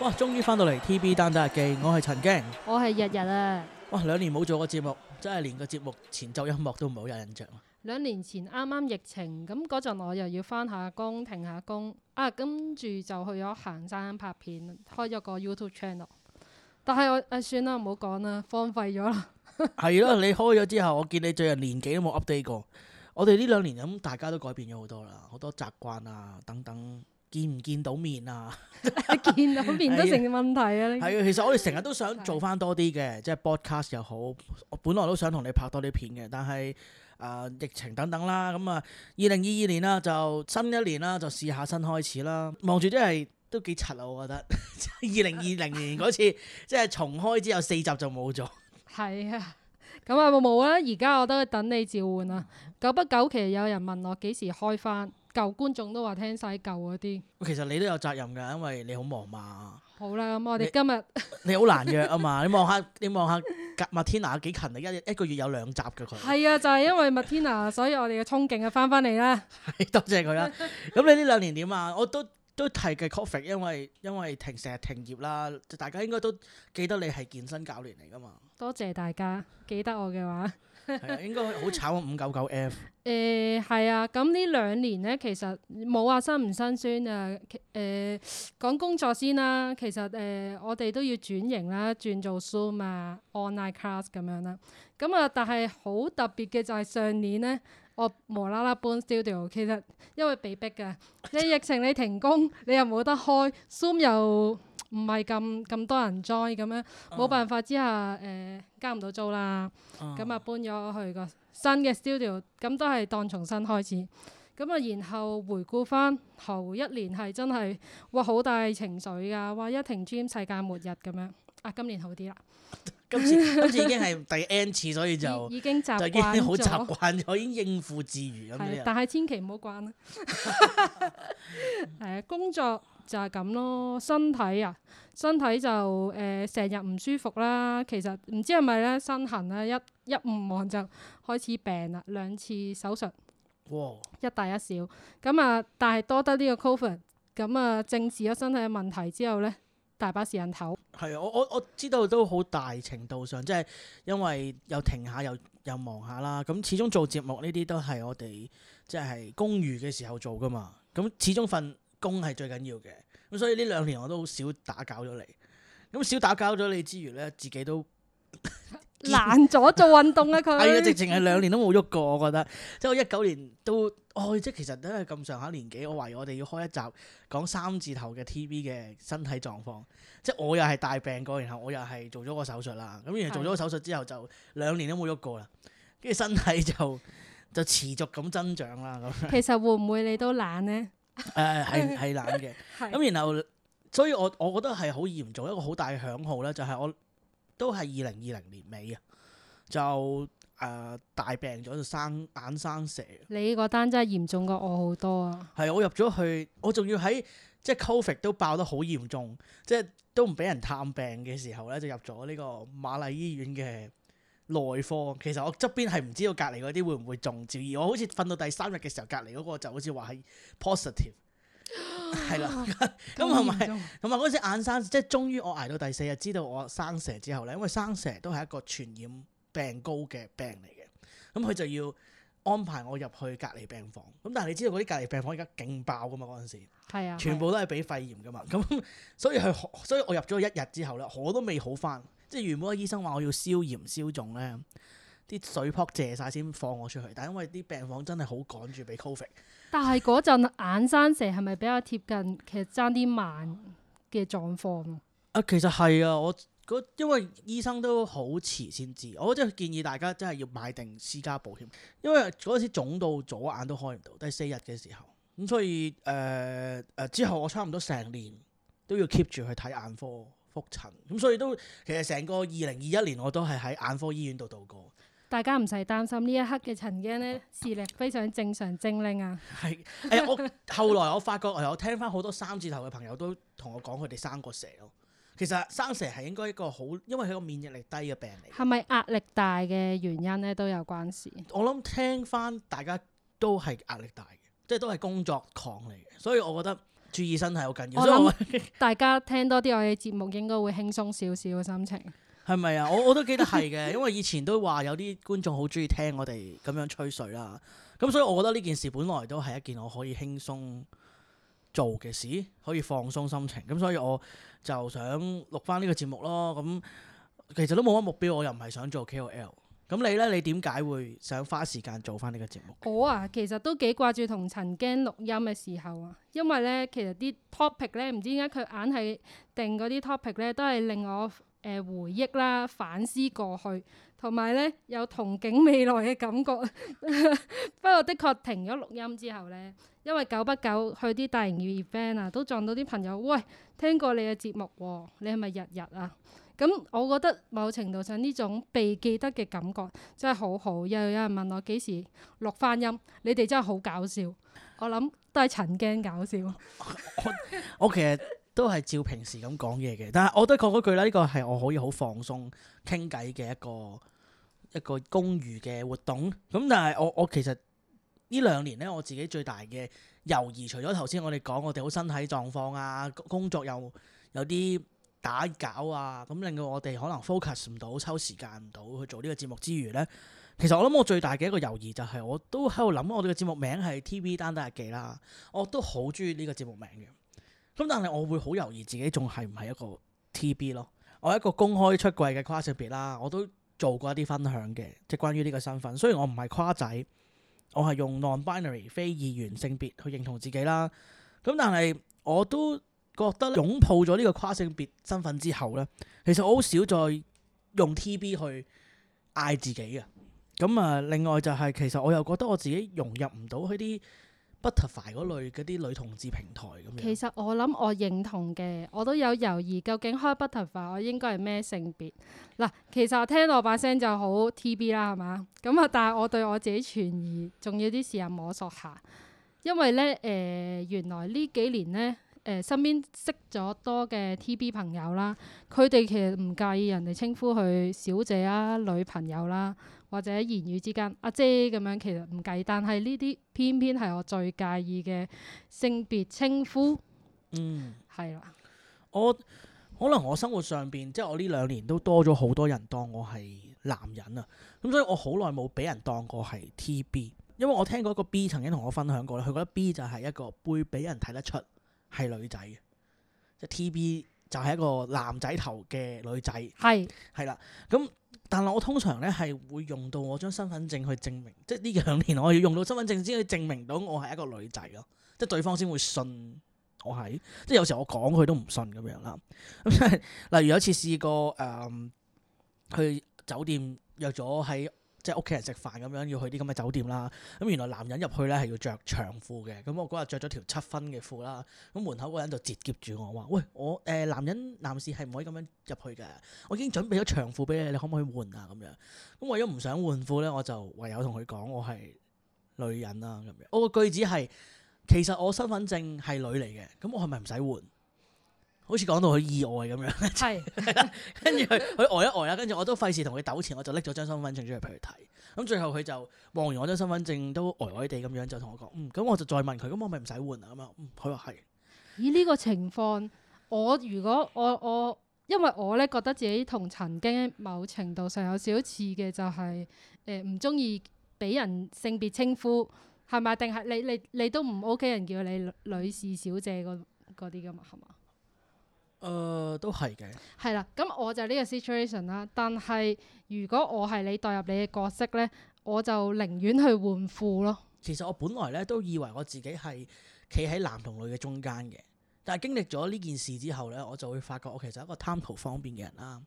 哇！終於翻到嚟 TV 單打日記，我係陳驚，我係日日啊！哇！兩年冇做過節目，真係連個節目前奏音樂都唔係好有印象。兩年前啱啱疫情，咁嗰陣我又要翻下工，停下工啊，跟住就去咗行山拍片，開咗個 YouTube channel。但係我誒、啊、算啦，唔好講啦，荒廢咗啦。係 咯，你開咗之後，我見你最近年幾都冇 update 過。我哋呢兩年咁，大家都改變咗好多啦，好多習慣啊等等。見唔見到面啊？一 見到面都成問題啊！係啊， 其實我哋成日都想做翻多啲嘅，的即係 broadcast 又好，我本來都想同你拍多啲片嘅，但係啊、呃，疫情等等啦，咁、嗯、啊，二零二二年啦，就新一年啦，就試下新開始啦，望住真係都幾柒啊！我覺得二零二零年嗰次 即係重開之後四集就冇咗。係 啊，咁啊冇冇啦，而家我都等你召喚啊！久不久其實有人問我幾時開翻。舊觀眾都話聽晒舊嗰啲，其實你都有責任㗎，因為你好忙嘛。好啦，咁我哋今日你好難約啊嘛， 你望下你望下麥天娜幾勤力，一一個月有兩集嘅佢。係啊，就係因為麥天娜，所以我哋嘅衝勁啊翻翻嚟啦。係多謝佢啦。咁你呢兩年點啊？我都都提嘅 COVID，因為因為停成日停業啦，大家應該都記得你係健身教練嚟㗎嘛。多謝大家記得我嘅話。係、 呃、啊，應該好炒五九九 F。誒係啊，咁呢兩年呢，其實冇話、啊、辛唔辛酸啊。誒、呃、講工作先啦，其實誒、呃、我哋都要轉型啦，轉做 Zoom 啊、online class 咁樣啦。咁啊，但係好特別嘅就係上年呢。我無啦啦搬 studio，其實因為被逼㗎，你 疫情你停工，你又冇得開 ，Zoom 又唔係咁咁多人 join 咁樣，冇辦法之下誒交唔到租啦，咁啊 搬咗去個新嘅 studio，咁都係當重新開始。咁啊，然後回顧翻頭一年係真係哇好大情緒㗎，哇一停 gym 世界末日咁樣，啊今年好啲啦。 今次已經係第 N 次，所以就已經習慣咗咯。已經好習慣，應付自如咁樣。但係千祈唔好慣啦。誒，工作就係咁咯。身體啊，身體就誒成日唔舒服啦。其實唔知係咪咧身痕咧，一一唔忙就開始病啦。兩次手術，哇一大一小。咁啊，但係多得呢個 COVID 咁啊，正視咗身體嘅問題之後咧。大把時間頭，係啊！我我我知道都好大程度上，即係因為又停下又又忙下啦。咁始終做節目呢啲都係我哋即係公餘嘅時候做㗎嘛。咁始終份工係最緊要嘅。咁所以呢兩年我都好少打攪咗你。咁少打攪咗你之餘咧，自己都，懶咗結做運動啊！佢係啊， 哎、直情係兩年都冇喐過。我覺得，即係我一九年都，哦，即係其實都係咁上下年紀。我懷疑我哋要開一集講三字頭嘅 TV 嘅身體狀況。即係我又係大病過，然後我又係做咗個手術啦。咁然之後做咗個手術之後，的就兩年都冇喐過啦。跟住身體就就持續咁增長啦。咁其實會唔會你都懶呢？誒、呃，係係懶嘅。咁 的然後，所以我我覺得係好嚴重一個好大嘅響號咧，就係、是、我。都係二零二零年尾啊，就誒、呃、大病咗，就生眼生蛇。你嗰單真係嚴重過我好多啊！係，我入咗去，我仲要喺即係 COVID 都爆得好嚴重，即係都唔俾人探病嘅時候呢，就入咗呢個瑪麗醫院嘅內科。其實我側邊係唔知道隔離嗰啲會唔會中招，而我好似瞓到第三日嘅時候，隔離嗰個就好似話係 positive。 係啦，咁同埋，同埋嗰陣時，眼生即係終於我捱到第四日，知道我生蛇之後咧，因為生蛇都係一個傳染病高嘅病嚟嘅，咁佢就要安排我入去隔離病房。咁但係你知道嗰啲隔離病房而家勁爆噶嘛？嗰陣時係啊，全部都係俾肺炎噶嘛。咁、啊、 所以佢，所以我入咗一日之後咧，我都未好返。即係原本個醫生話我要消炎消腫咧，啲水扑借晒先放我出去。但係因為啲病房真係好趕住俾 Covid 但係嗰陣眼生蛇係咪比較貼近，其實爭啲盲嘅狀況啊？啊，其實係啊，我因為醫生都好遲先知，我真係建議大家真係要買定私家保險，因為嗰時腫到左眼都開唔到，第四日嘅時候，咁所以誒誒、呃、之後我差唔多成年都要 keep 住去睇眼科覆診，咁所以都其實成個二零二一年我都係喺眼科醫院度度過。大家唔使擔心，呢一刻嘅陳經咧，視力非常正常、精靈啊！係，係、哎、我後來我發覺，我聽翻好多三字頭嘅朋友都同我講佢哋生過蛇咯。其實生蛇係應該一個好，因為佢個免疫力低嘅病嚟。係咪壓力大嘅原因咧？都有關事？我諗聽翻大家都係壓力大嘅，即係都係工作狂嚟嘅，所以我覺得注意身體好緊要。所以我想 大家聽多啲我哋節目應該會輕鬆少少嘅心情。係咪啊？我我都記得係嘅，因為以前都話有啲觀眾好中意聽我哋咁樣吹水啦。咁所以，我覺得呢件事本來都係一件我可以輕鬆做嘅事，可以放鬆心情。咁所以我就想錄返呢個節目咯。咁其實都冇乜目標，我又唔係想做 KOL。咁你呢？你點解會想花時間做返呢個節目？我啊，其實都幾掛住同陳驚錄音嘅時候啊，因為呢，其實啲 topic 呢，唔知點解佢硬係定嗰啲 topic 呢，都係令我。誒回憶啦，反思過去，呢同埋咧有憧憬未來嘅感覺。 不過的確停咗錄音之後咧，因為久不久去啲大型 event 啊，都撞到啲朋友，喂，聽過你嘅節目喎？你係咪日日啊？咁我覺得某程度上呢種被記得嘅感覺真係好好。又有，有人問我幾時錄翻音？你哋真係好搞笑。我諗都係曾經搞笑。我其實～都係照平時咁講嘢嘅，但係我都講嗰句啦，呢個係我可以好放鬆傾偈嘅一個一個公餘嘅活動。咁但係我我其實呢兩年咧，我自己最大嘅猶豫，除咗頭先我哋講我哋好身體狀況啊，工作又有啲打攪啊，咁令到我哋可能 focus 唔到，抽時間唔到去做呢個節目之餘咧，其實我諗我最大嘅一個猶豫就係我都喺度諗，我哋嘅節目名係 TV 單單日記啦，我都好中意呢個節目名嘅。咁但係我會好猶豫自己仲係唔係一個 TB 咯。我係一個公開出櫃嘅跨性別啦，我都做過一啲分享嘅，即係關於呢個身份。雖然我唔係跨仔，我係用 non-binary 非二元性別去認同自己啦。咁但係我都覺得擁抱咗呢個跨性別身份之後咧，其實我好少再用 TB 去嗌自己嘅。咁啊，另外就係，是，其實我又覺得我自己融入唔到佢啲。Butterfly 嗰類嗰啲女同志平台咁樣，其實我諗我認同嘅，我都有猶豫，究竟開 Butterfly 我應該係咩性別？嗱，其實我聽到我把聲就好 TB 啦，係嘛？咁啊，但係我對我自己存疑，仲要啲時間摸索下，因為咧誒、呃，原來呢幾年咧誒、呃，身邊識咗多嘅 TB 朋友啦，佢哋其實唔介意人哋稱呼佢小姐啊、女朋友啦。或者言語之間，阿姐咁樣其實唔計，但係呢啲偏偏係我最介意嘅性別稱呼，嗯，係啦。我可能我生活上邊，即係我呢兩年都多咗好多人當我係男人啊，咁所以我好耐冇俾人當過係 TB，因為我聽過一個 B 曾經同我分享過，佢覺得 B 就係一個會俾人睇得出係女仔嘅，即係 TB 就係一個男仔頭嘅女仔，係，係啦，咁，嗯。但係我通常咧係會用到我張身份證去證明，即係呢兩年我要用到身份證先可以證明到我係一個女仔咯，即係對方先會信我係，即係有時候我講佢都唔信咁樣啦。咁即係例如有一次試過誒、呃、去酒店約咗喺。即係屋企人食飯咁樣要去啲咁嘅酒店啦，咁原來男人入去咧係要着長褲嘅，咁我嗰日着咗條七分嘅褲啦，咁門口嗰人就截截住我話：喂，我誒、呃、男人男士係唔可以咁樣入去嘅，我已經準備咗長褲俾你，你可唔可以換啊？咁樣，咁為咗唔想換褲咧，我就唯有同佢講我係女人啦，咁樣，我個句子係其實我身份證係女嚟嘅，咁我係咪唔使換？好似講到佢意外咁樣，係是，跟住佢佢呆一呆啦，跟住我都費事同佢糾纏，我就拎咗張身份證出嚟俾佢睇，咁最後佢就望完我張身份證都呆呆地咁樣，就同我講，嗯，咁我就再問佢，咁我咪唔使換啊，咁樣，嗯，佢話係。以呢個情況，我如果我我，因為我咧覺得自己同曾經某程度上有少少似嘅、就是，就係誒唔中意俾人性別稱呼，係咪？定係你你你,你都唔 OK 人叫你女士小姐嗰啲噶嘛，係嘛？誒、呃，都係嘅。係啦，咁我就呢個 situation 啦。但係如果我係你代入你嘅角色呢，我就寧願去換褲咯。其實我本來呢都以為我自己係企喺男同女嘅中間嘅，但係經歷咗呢件事之後呢，我就會發覺我其實係一個貪圖方便嘅人啦。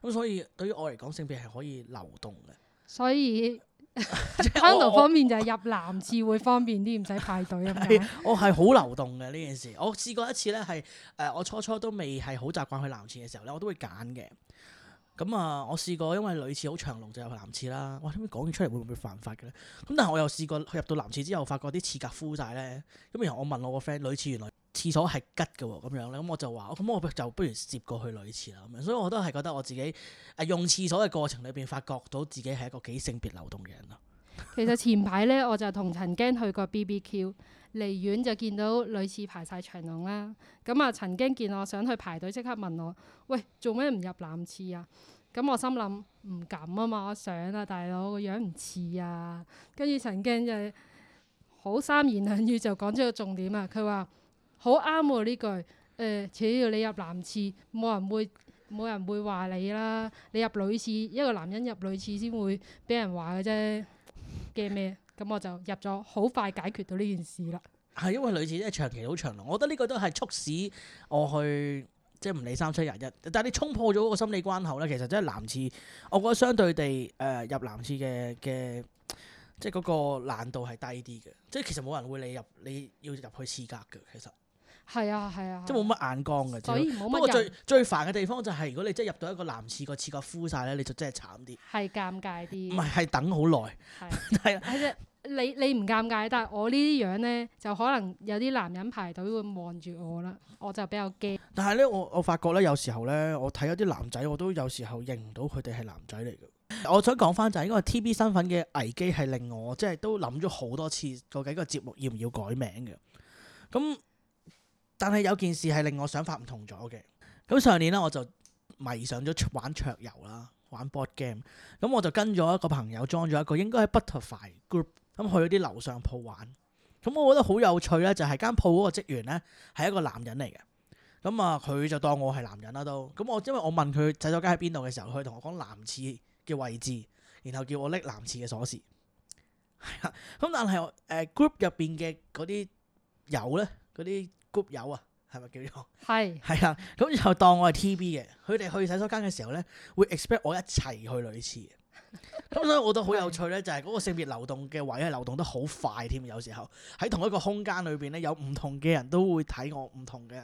咁所以對於我嚟講，性別係可以流動嘅。所以。h a 方面就係入男廁會方便啲，唔使排隊啊我係好流動嘅呢 件事，我試過一次咧，係、呃、誒我初初都未係好習慣去男廁嘅時候咧，我都會揀嘅。咁、嗯、啊，我試過因為女廁好長龍就入去男廁啦。我咁樣講嘢出嚟會唔會犯法嘅咧？咁但係我又試過入到男廁之後，發覺啲廁格敷晒咧。咁然後我問我個 friend，女廁原來。廁所係吉嘅喎，咁樣咧，咁我就話，咁我就不如接過去女廁啦。咁樣，所以我都係覺得我自己誒用廁所嘅過程裏邊，發覺到自己係一個幾性別流動嘅人咯。其實前排咧， 我就同陳驚去過 BBQ，離遠就見到女廁排晒長龍啦。咁啊，陳驚見我想去排隊，即刻問我：喂，做咩唔入男廁啊？咁我心諗唔敢啊嘛，我想啊大佬，個樣唔似啊。跟住陳驚就好三言兩語就講出個重點啊，佢話。好啱喎呢句，誒、呃，只要你入男廁，冇人會冇人會話你啦。你入女廁，一個男人入女廁先會俾人話嘅啫。驚咩？咁我就入咗，好快解決到呢件事啦。係因為女廁真係長期好長龍，我覺得呢個都係促使我去即係唔理三七廿一。但係你衝破咗嗰個心理關口咧，其實真係男廁，我覺得相對地誒、呃、入男廁嘅嘅即係嗰個難度係低啲嘅。即係其實冇人會理入你要入去廁格嘅，其實。係啊係啊，啊即冇乜眼光嘅。所以不過最人最煩嘅地方就係，如果你即係入到一個男廁個廁角敷晒咧，你就真係慘啲。係尷尬啲。唔係，係等好耐。係係即係你你唔尷尬，但係我呢啲樣咧，就可能有啲男人排隊會望住我啦，我就比較驚。但係咧，我我發覺咧，有時候咧，我睇有啲男仔，我都有時候認唔到佢哋係男仔嚟嘅。我想講翻就係、是，因為 T B 身份嘅危機係令我即係都諗咗好多次，究竟個節目要唔要改名嘅？咁。但係有件事係令我想法唔同咗嘅。咁上年咧，我就迷上咗玩桌遊啦，玩 board game。咁我就跟咗一個朋友裝咗一個應該喺 Butterfly Group 咁去咗啲樓上鋪玩。咁我覺得好有趣咧，就係間鋪嗰個職員咧係一個男人嚟嘅。咁啊，佢就當我係男人啦都。咁我因為我問佢洗手間喺邊度嘅時候，佢同我講男廁嘅位置，然後叫我拎男廁嘅鎖匙。係 啦。咁但係誒 group 入邊嘅嗰啲友咧，嗰啲。group 友啊，係咪叫做係係是啊？咁然後當我係 T B 嘅，佢哋去洗手間嘅時候咧，會 expect 我一齊去女廁。咁 所以我覺得好有趣咧，是就係嗰個性別流動嘅位係，流動得好快添。有時候喺同一個空間裏邊咧，有唔同嘅人都會睇我唔同嘅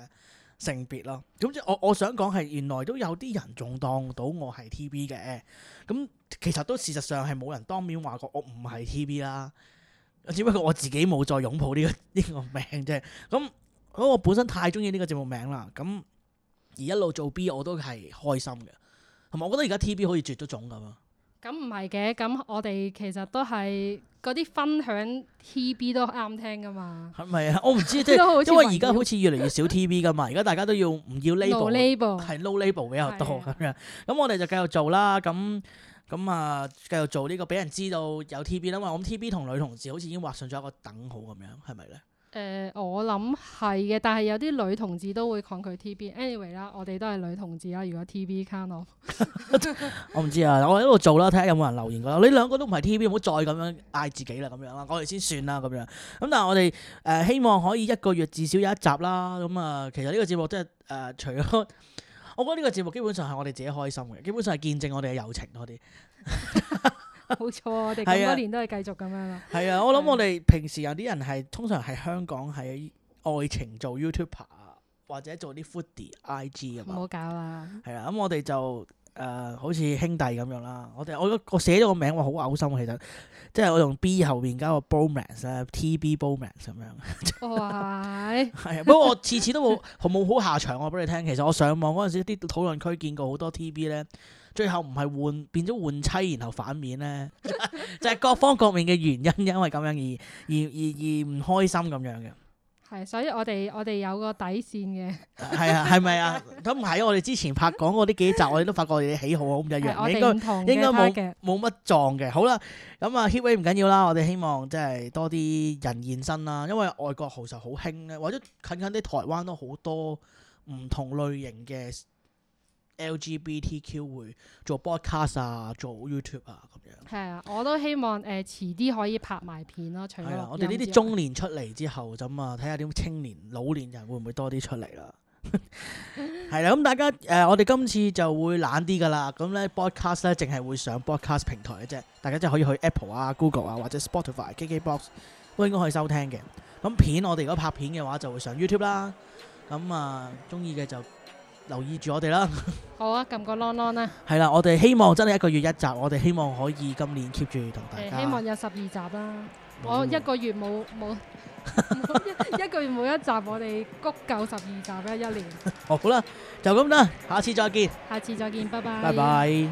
性別咯。咁即我我想講係原來都有啲人仲當到我係 T B 嘅。咁其實都事實上係冇人當面話過我我唔係 T B 啦。只不過我自己冇再擁抱呢、呢個呢 個名啫。咁。哦、我本身太中意呢個節目名啦，咁而一路做 B 我都係開心嘅，係咪？我覺得而家 T B 好似絕咗種咁啊！咁唔係嘅，咁我哋其實都係嗰啲分享 T B 都啱聽噶嘛，係咪啊？我唔知即係 因為而家好似越嚟越少 T B 噶嘛，而家 大家都要唔要 label？label 係 low、no、label、no、Lab 比較多咁樣，咁的 我哋就繼續做啦。咁咁啊，繼續做呢、這個俾人知道有 T B 啦。嘛。我諗 T B 同女同志好似已經畫上咗一個等號咁樣，係咪咧？誒、呃，我諗係嘅，但係有啲女同志都會抗拒 T B。Anyway 啦，我哋都係女同志啦。如果 TV T B can 我，我唔知啊，我喺度做啦，睇下有冇人留言。你兩個都唔係 T B，唔好再咁樣嗌自己啦，咁樣啦，我哋先算啦，咁樣。咁但係我哋誒、呃、希望可以一個月至少有一集啦。咁啊，其實呢個節目真係誒，除咗我覺得呢個節目基本上係我哋自己開心嘅，基本上係見證我哋嘅友情多啲。 冇錯，我哋咁多年都係繼續咁樣咯。係啊，我諗我哋平時有啲人係通常係香港喺愛情做 YouTuber 啊，或者做啲 Foodie IG 咁。唔、呃、好搞啊，係啊，咁我哋就誒好似兄弟咁樣啦。我哋我我寫咗個名，我好嘔心。其實心即係我用 B 後面加個 Bomax 咧，TB Bomax 咁樣。錯係喂。係， 不過我次次都冇冇 好下場、啊，我俾你聽。其實我上網嗰陣時，啲討論區見過好多 TB 咧。最後唔係換變咗換妻，然後反面咧， 就係各方各面嘅原因，因為咁樣而而而而唔開心咁樣嘅。係，所以我哋我哋有個底線嘅。係 啊，係咪啊？都唔係，我哋之前拍講過啲幾集， 我哋都發覺你喜好好唔一樣，應該應該冇冇乜撞嘅。好啦，咁啊 heat wave 唔緊要啦，我哋希望即係多啲人現身啦，因為外國豪秀好興咧，或者近近啲台灣都好多唔同類型嘅。LGBTQ 會做 Podcast 啊，做 YouTube 啊咁樣。係啊，我都希望誒、呃、遲啲可以拍埋片咯。除咗我哋呢啲中年出嚟之後，咁啊，睇下啲青年、老年人會唔會多啲出嚟啦？係 啦，咁大家誒、呃，我哋今次就會懶啲噶啦。咁咧 Podcast 咧，淨係會上 Podcast 平台嘅啫。大家即係可以去 Apple 啊、Google 啊或者 Spotify、KKBox 都應該可以收聽嘅。咁片我哋如果拍片嘅話，就會上 YouTube 啦。咁啊，鍾意嘅就～留意住我哋啦！好啊，撳個鈴鈴啦。係啦，我哋希望真係一個月一集，我哋希望可以今年 keep 住同大家、呃。希望有十二集啦！啊、我一個月冇冇 一個月冇一集，我哋谷夠十二集一一年。好啦，就咁啦，下次再見。下次再見，bye bye, bye bye. 拜拜。拜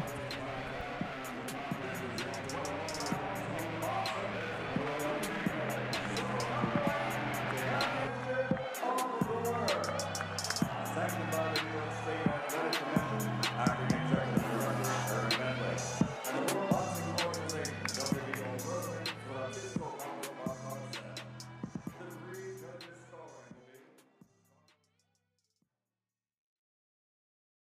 拜。